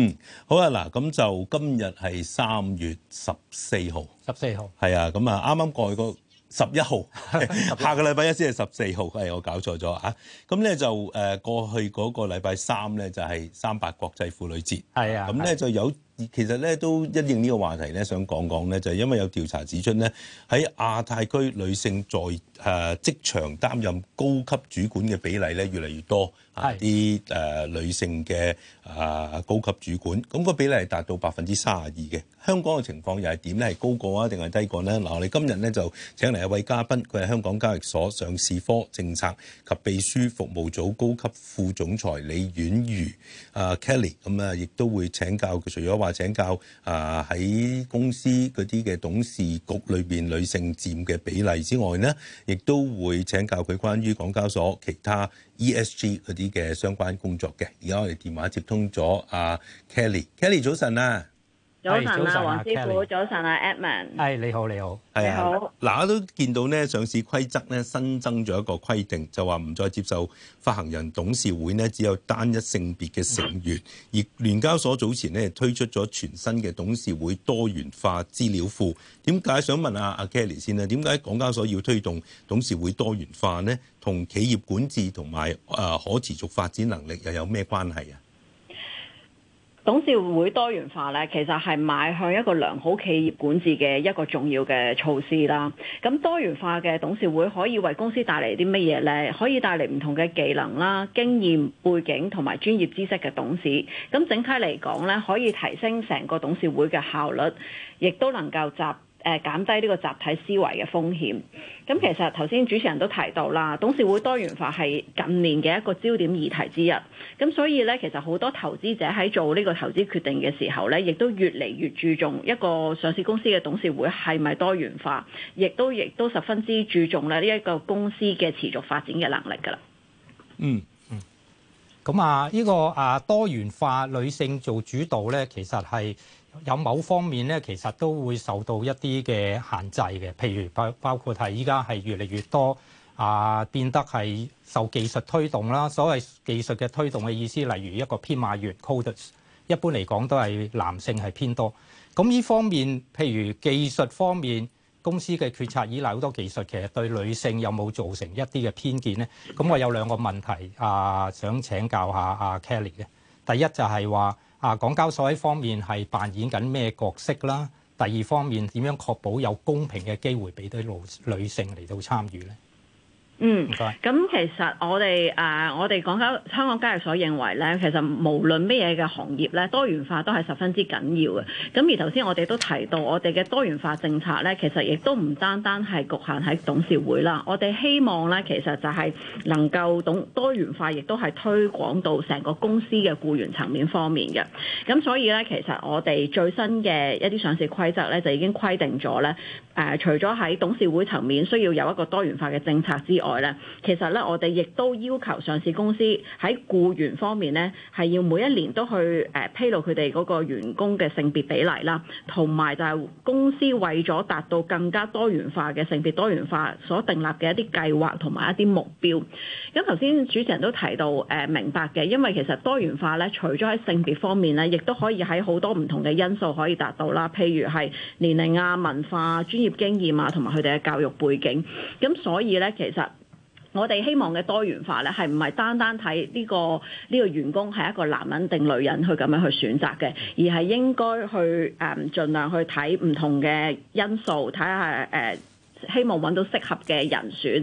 嗯，好啊，嗱，咁就今日係三月十四號，十四號，係啊，咁啊，啱啱過去個十一號，下個禮拜一先係十四號，係我搞錯咗啊，咁咧就誒過去嗰個禮拜三咧就係三八國際婦女節，係啊，咁咧就有。其實咧都一應呢個話題咧，想講講咧，就係、是、因為有調查指出咧，喺亞太區女性在誒職、呃、場擔任高級主管嘅比例咧，越嚟越多，啲誒的、呃、女性嘅啊、呃、高級主管，咁、嗯、個比例係達到百分之卅二嘅。香港嘅情況又係點咧？係高過啊，定係低過呢？嗱、呃，我哋今日咧就請嚟一位嘉賓，佢係香港交易所上市科政策及秘書服務組高級副總裁李婉愉。啊、呃、Kelly，咁、嗯、啊，亦都會請教佢，除咗話。請教啊，喺公司嗰啲嘅董事局裏邊，女性佔嘅比例之外呢，亦都會請教佢關於港交所其他 ESG 嗰啲嘅相關工作嘅。而家我哋電話接通咗啊 Kelly，Kelly 早晨啊！早晨啊，黃師傅，啊、早晨啊 Edman，係你好，你好，你好。嗱好、啊，都見到呢上市規則呢新增咗一個規定，就話唔再接受發行人董事會呢只有單一性別嘅成員。嗯、而聯交所早前呢推出咗全新嘅董事會多元化資料庫。點解想問下阿、啊、Kelly 先呢？點解港交所要推動董事會多元化呢？同企業管治同埋啊可持續發展能力又有咩關係啊？董事會多元化咧，其實係邁向一個良好企業管治嘅一個重要嘅措施啦。咁多元化嘅董事會可以為公司帶嚟啲乜嘢呢？可以帶嚟唔同嘅技能啦、經驗、背景同埋專業知識嘅董事。咁整體嚟講咧，可以提升成個董事會嘅效率，亦都能夠集誒減低呢個集體思維嘅風險。咁其實頭先主持人都提到啦，董事會多元化係近年嘅一個焦點議題之一。咁所以咧，其實好多投資者喺做呢個投資決定嘅時候咧，亦都越嚟越注重一個上市公司嘅董事會係咪多元化，亦都亦都十分之注重咧呢一個公司嘅持續發展嘅能力㗎啦。嗯，嗯嗯。咁啊，呢個啊多元化女性做主導咧，其實係。有某方面咧，其實都會受到一啲嘅限制嘅。譬如包包括係依家係越嚟越多啊、呃，變得係受技術推動啦。所謂技術嘅推動嘅意思，例如一個編碼員 （coders），一般嚟講都係男性係偏多。咁呢方面，譬如技術方面公司嘅決策依賴好多技術，其實對女性有冇造成一啲嘅偏見咧？咁我有兩個問題啊、呃，想請教下啊 Kelly 嘅。第一就係話啊，港交所喺方面係扮演緊咩角色啦？第二方面點樣確保有公平嘅機會俾啲女女性嚟到參與咧？嗯，咁、嗯、其實我哋誒、呃、我哋講緊香港交易所認為咧，其實無論咩嘢嘅行業咧，多元化都係十分之緊要嘅。咁而頭先我哋都提到，我哋嘅多元化政策咧，其實亦都唔單單係局限喺董事會啦。我哋希望咧，其實就係能夠懂多元化，亦都係推廣到成個公司嘅僱員層面方面嘅。咁所以咧，其實我哋最新嘅一啲上市規則咧，就已經規定咗咧，誒，除咗喺董事會層面需要有一個多元化嘅政策之外。其實咧，我哋亦都要求上市公司喺僱員方面咧，係要每一年都去誒披露佢哋嗰個員工嘅性別比例啦，同埋就係公司為咗達到更加多元化嘅性別多元化所訂立嘅一啲計劃同埋一啲目標。咁頭先主持人都提到誒明白嘅，因為其實多元化咧，除咗喺性別方面咧，亦都可以喺好多唔同嘅因素可以達到啦，譬如係年齡啊、文化、專業經驗啊，同埋佢哋嘅教育背景。咁所以咧，其實我哋希望嘅多元化咧，係唔係單單睇呢個呢個員工係一個男人定女人去咁樣去選擇嘅，而係應該去誒嗯、盡量去睇唔同嘅因素，睇下誒希望揾到適合嘅人選去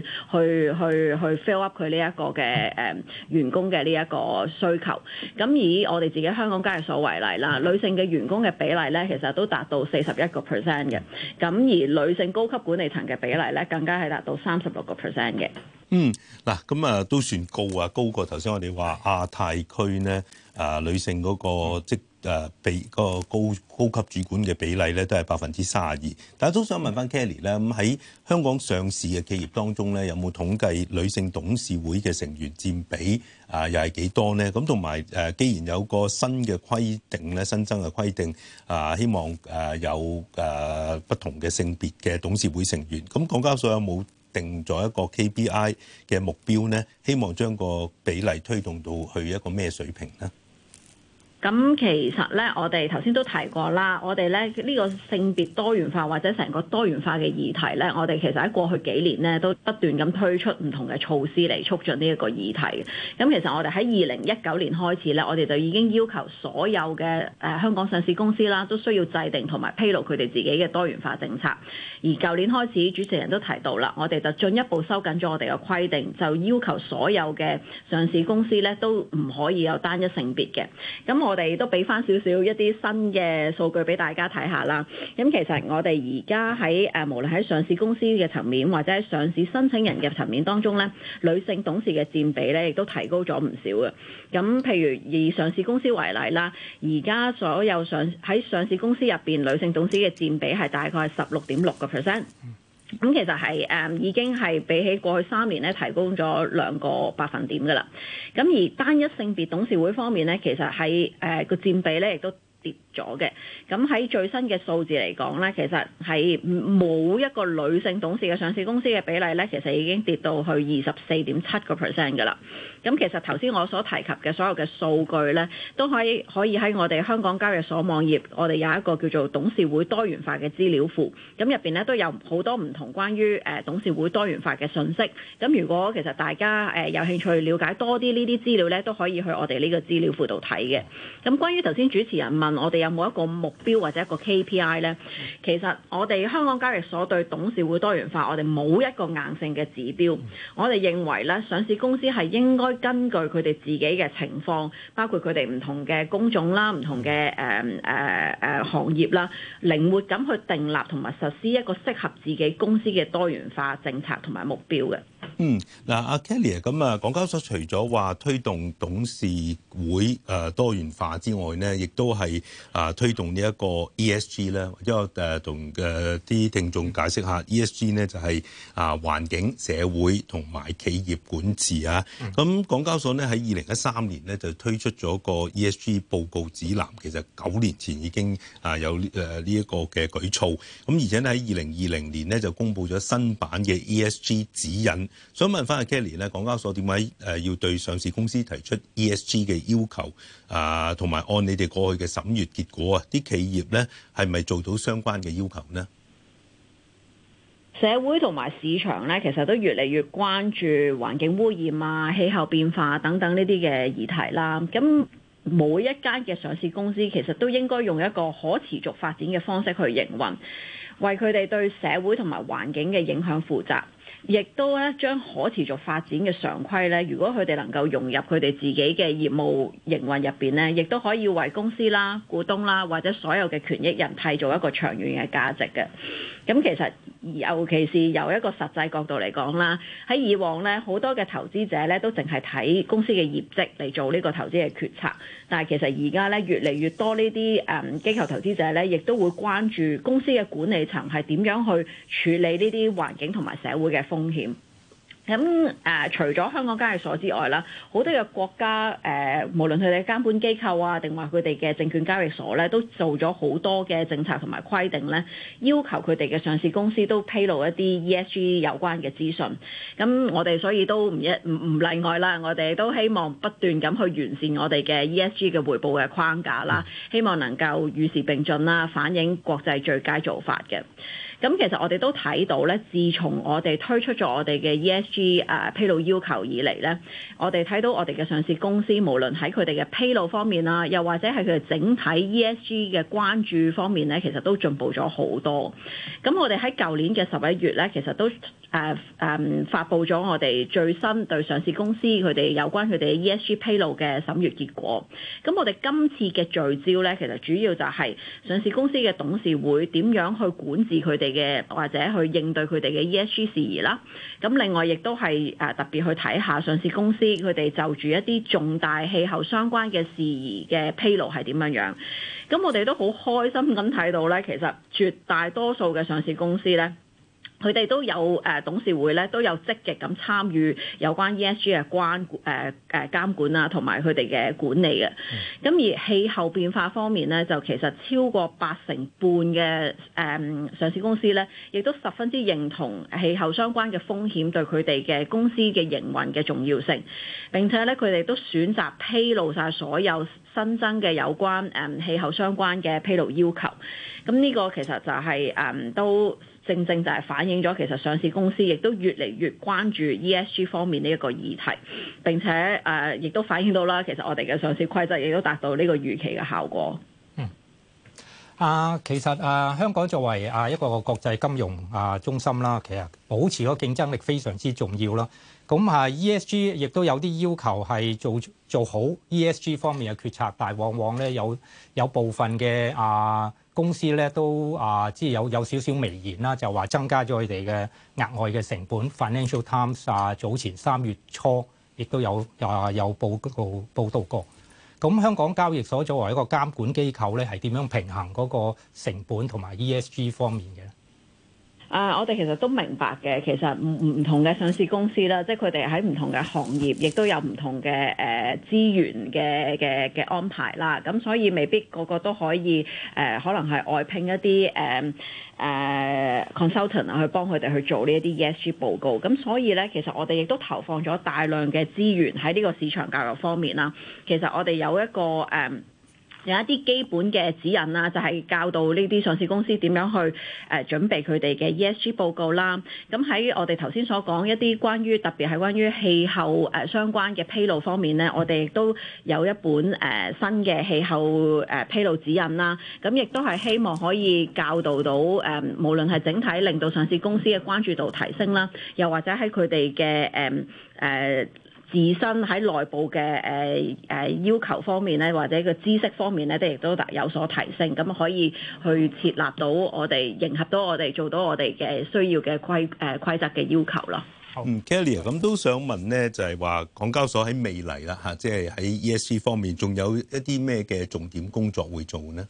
去去 fill up 佢呢一個嘅誒、呃、員工嘅呢一個需求。咁、嗯、以我哋自己香港交易所為例啦、呃，女性嘅員工嘅比例咧，其實都達到四十一個 percent 嘅。咁、嗯、而女性高級管理層嘅比例咧，更加係達到三十六個 percent 嘅。嗯，嗱，咁啊都算高啊，高過頭先我哋話亞太區呢，啊、呃、女性嗰、那個即誒、呃、比、那個高高級主管嘅比例咧都係百分之卅二。但係都想問翻 Kelly 咧，咁喺香港上市嘅企業當中咧，有冇統計女性董事會嘅成員佔比啊、呃？又係幾多咧？咁同埋誒，既然有個新嘅規定咧，新增嘅規定啊、呃，希望誒、呃、有誒、呃、不同嘅性別嘅董事會成員。咁、呃、港交所有冇？定咗一個 KPI 嘅目標咧，希望將個比例推動到去一個咩水平咧？咁其實咧，我哋頭先都提過啦，我哋咧呢個性別多元化或者成個多元化嘅議題咧，我哋其實喺過去幾年咧，都不斷咁推出唔同嘅措施嚟促進呢一個議題。咁其實我哋喺二零一九年開始咧，我哋就已經要求所有嘅誒、呃、香港上市公司啦，都需要制定同埋披露佢哋自己嘅多元化政策。而舊年開始，主持人都提到啦，我哋就進一步收緊咗我哋嘅規定，就要求所有嘅上市公司咧都唔可以有單一性別嘅。咁我哋都俾翻少少一啲新嘅數據俾大家睇下啦。咁其實我哋而家喺誒，無論喺上市公司嘅層面，或者喺上市申請人嘅層面當中咧，女性董事嘅佔比咧亦都提高咗唔少嘅。咁譬如以上市公司為例啦，而家所有上喺上市公司入邊，女性董事嘅佔比係大概十六點六個 percent。咁、嗯、其實係誒、嗯、已經係比起過去三年咧提高咗兩個百分點㗎喇。咁而單一性別董事會方面咧，其實係誒，個佔比咧亦都跌咗嘅，咁喺最新嘅數字嚟講咧，其實係冇一個女性董事嘅上市公司嘅比例咧，其實已經跌到去二十四點七個 percent 噶啦。咁其實頭先我所提及嘅所有嘅數據咧，都可以可以喺我哋香港交易所網頁，我哋有一個叫做董事會多元化嘅資料庫，咁入邊咧都有好多唔同關於誒、呃、董事會多元化嘅信息。咁如果其實大家誒、呃、有興趣了解多啲呢啲資料咧，都可以去我哋呢個資料庫度睇嘅。咁關於頭先主持人問，我哋有冇一個目標或者一個 KPI 咧？其實我哋香港交易所對董事會多元化，我哋冇一個硬性嘅指標。我哋認為咧，上市公司係應該根據佢哋自己嘅情況，包括佢哋唔同嘅工種啦、唔同嘅誒誒誒行業啦，靈活咁去訂立同埋實施一個適合自己公司嘅多元化政策同埋目標嘅。嗯，嗱，阿 Kelly 啊，咁啊，港交所除咗話推動董事會誒多元化之外咧，亦都係。啊，推動呢一個 ESG 咧，或者我同嘅啲聽眾解釋下 ESG 呢，就係啊環境、社會同埋企業管治啊。咁港交所呢，喺二零一三年呢，就推出咗個 ESG 報告指南，其實九年前已經啊有誒呢一個嘅舉措。咁而且呢，喺二零二零年呢，就公布咗新版嘅 ESG 指引。想問翻阿 Kelly 呢，港交所點解誒要對上市公司提出 ESG 嘅要求啊？同埋按你哋過去嘅十五月結果啊，啲企業呢係咪做到相關嘅要求呢？社會同埋市場呢，其實都越嚟越關注環境污染啊、氣候變化等等呢啲嘅議題啦。咁每一間嘅上市公司其實都應該用一個可持續發展嘅方式去營運。為佢哋對社會同埋環境嘅影響負責，亦都咧將可持續發展嘅常規咧，如果佢哋能夠融入佢哋自己嘅業務營運入邊咧，亦都可以為公司啦、股東啦或者所有嘅權益人締造一個長遠嘅價值嘅。咁、嗯、其實。尤其是由一個實際角度嚟講啦，喺以往咧，好多嘅投資者咧都淨係睇公司嘅業績嚟做呢個投資嘅決策，但係其實而家咧越嚟越多呢啲誒機構投資者咧，亦都會關注公司嘅管理層係點樣去處理呢啲環境同埋社會嘅風險。咁誒、呃，除咗香港交易所之外啦，好多嘅國家誒、呃，無論佢哋監管機構啊，定話佢哋嘅證券交易所咧，都做咗好多嘅政策同埋規定咧，要求佢哋嘅上市公司都披露一啲 ESG 有關嘅資訊。咁我哋所以都唔一唔唔例外啦，我哋都希望不斷咁去完善我哋嘅 ESG 嘅匯報嘅框架啦，希望能夠與時並進啦，反映國際最佳做法嘅。咁其實我哋都睇到咧，自從我哋推出咗我哋嘅 ESG 誒、uh, 披露要求以嚟咧，我哋睇到我哋嘅上市公司，無論喺佢哋嘅披露方面啦，又或者係佢哋整體 ESG 嘅關注方面咧，其實都進步咗好多。咁我哋喺舊年嘅十一月咧，其實都，誒誒，uh, um, 發布咗我哋最新對上市公司佢哋有關佢哋 E S G 披露嘅審閱結果。咁我哋今次嘅聚焦咧，其實主要就係上市公司嘅董事會點樣去管治佢哋嘅，或者去應對佢哋嘅 E S G 事宜啦。咁另外亦都係誒特別去睇下上市公司佢哋就住一啲重大氣候相關嘅事宜嘅披露係點樣樣。咁我哋都好開心咁睇到咧，其實絕大多數嘅上市公司咧。佢哋都有誒、呃、董事會咧，都有積極咁參與有關 ESG 嘅關誒誒、呃、監管啊，同埋佢哋嘅管理嘅、啊。咁、嗯、而氣候變化方面咧，就其實超過八成半嘅誒、嗯、上市公司咧，亦都十分之認同氣候相關嘅風險對佢哋嘅公司嘅營運嘅重要性。並且咧，佢哋都選擇披露晒所有新增嘅有關誒、嗯、氣候相關嘅披露要求。咁、嗯、呢、呢個其實就係、係、誒、嗯、都。正正就係反映咗其實上市公司亦都越嚟越關注 ESG 方面呢一個議題，並且誒亦都反映到啦，其實我哋嘅上市規則亦都達到呢個預期嘅效果。嗯，啊，其實啊，香港作為啊一個國際金融啊中心啦，其實保持個競爭力非常之重要啦。咁啊，ESG 亦都有啲要求係做做好 ESG 方面嘅決策，但係往往咧有有部分嘅啊。公司咧都啊，即係有有少少微言啦，就話、是、增加咗佢哋嘅額外嘅成本。Financial Times 啊，早前三月初亦都有啊有報報報道過。咁香港交易所作為一個監管機構咧，係點樣平衡嗰個成本同埋 ESG 方面嘅咧？啊！Uh, 我哋其實都明白嘅，其實唔唔同嘅上市公司啦，即係佢哋喺唔同嘅行業，亦都有唔同嘅誒資源嘅嘅嘅安排啦。咁所以未必個個都可以誒、呃，可能係外聘一啲誒誒 consultant 啊，呃呃、Consult 去幫佢哋去做呢一啲 ESG 報告。咁所以咧，其實我哋亦都投放咗大量嘅資源喺呢個市場教育方面啦。其實我哋有一個誒。呃有一啲基本嘅指引啦，就係、是、教導呢啲上市公司點樣去誒、呃、準備佢哋嘅 ESG 報告啦。咁喺我哋頭先所講一啲關於特別係關於氣候誒、呃、相關嘅披露方面咧，我哋亦都有一本誒、呃、新嘅氣候誒、呃、披露指引啦。咁亦都係希望可以教導到誒、呃，無論係整體令到上市公司嘅關注度提升啦，又或者喺佢哋嘅誒誒。呃呃自身喺內部嘅誒誒要求方面咧，或者個知識方面咧，都亦都有所提升，咁可以去設立到我哋迎合到我哋做到我哋嘅需要嘅規誒規則嘅要求咯。嗯，Kelly 啊，咁都想問咧，就係話港交所喺未來啦嚇，即係喺 ESG 方面，仲有一啲咩嘅重點工作會做呢？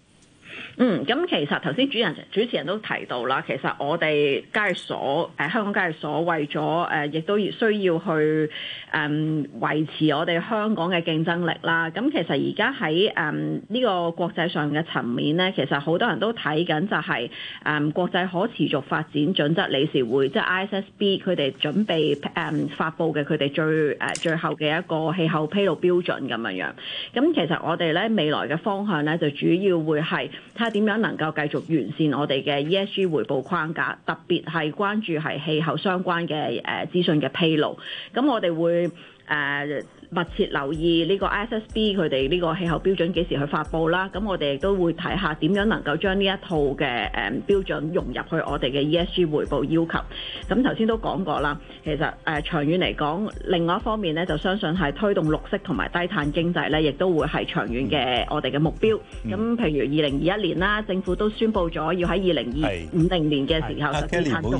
嗯，咁、嗯、其實頭先主持人主持人都提到啦，其實我哋交易所誒香港交易所為咗誒亦都要需要去誒、嗯、維持我哋香港嘅競爭力啦。咁、嗯、其實而家喺誒呢個國際上嘅層面咧，其實好多人都睇緊就係、是、誒、嗯、國際可持續發展準則理事會即係 ISSB 佢哋準備誒、嗯、發布嘅佢哋最誒、呃、最後嘅一個氣候披露標準咁樣樣，咁、嗯、其實我哋咧未來嘅方向咧，就主要會係點樣能夠繼續完善我哋嘅 ESG 回報框架，特別係關注係氣候相關嘅誒、呃、資訊嘅披露，咁我哋會誒。呃密切留意呢個 ISSB 佢哋呢個氣候標準幾時去發布啦，咁我哋亦都會睇下點樣能夠將呢一套嘅誒標準融入去我哋嘅 ESG 回報要求。咁頭先都講過啦，其實誒、呃、長遠嚟講，另外一方面呢，就相信係推動綠色同埋低碳經濟呢，亦都會係長遠嘅我哋嘅目標。咁、嗯嗯、譬如二零二一年啦，政府都宣布咗要喺二零二五零年嘅時候實施碳，唔好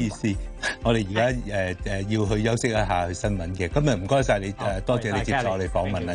我哋而家誒誒要去休息一下，去新聞嘅。今日唔該曬你，誒、呃、 多謝你接受我哋訪問啊！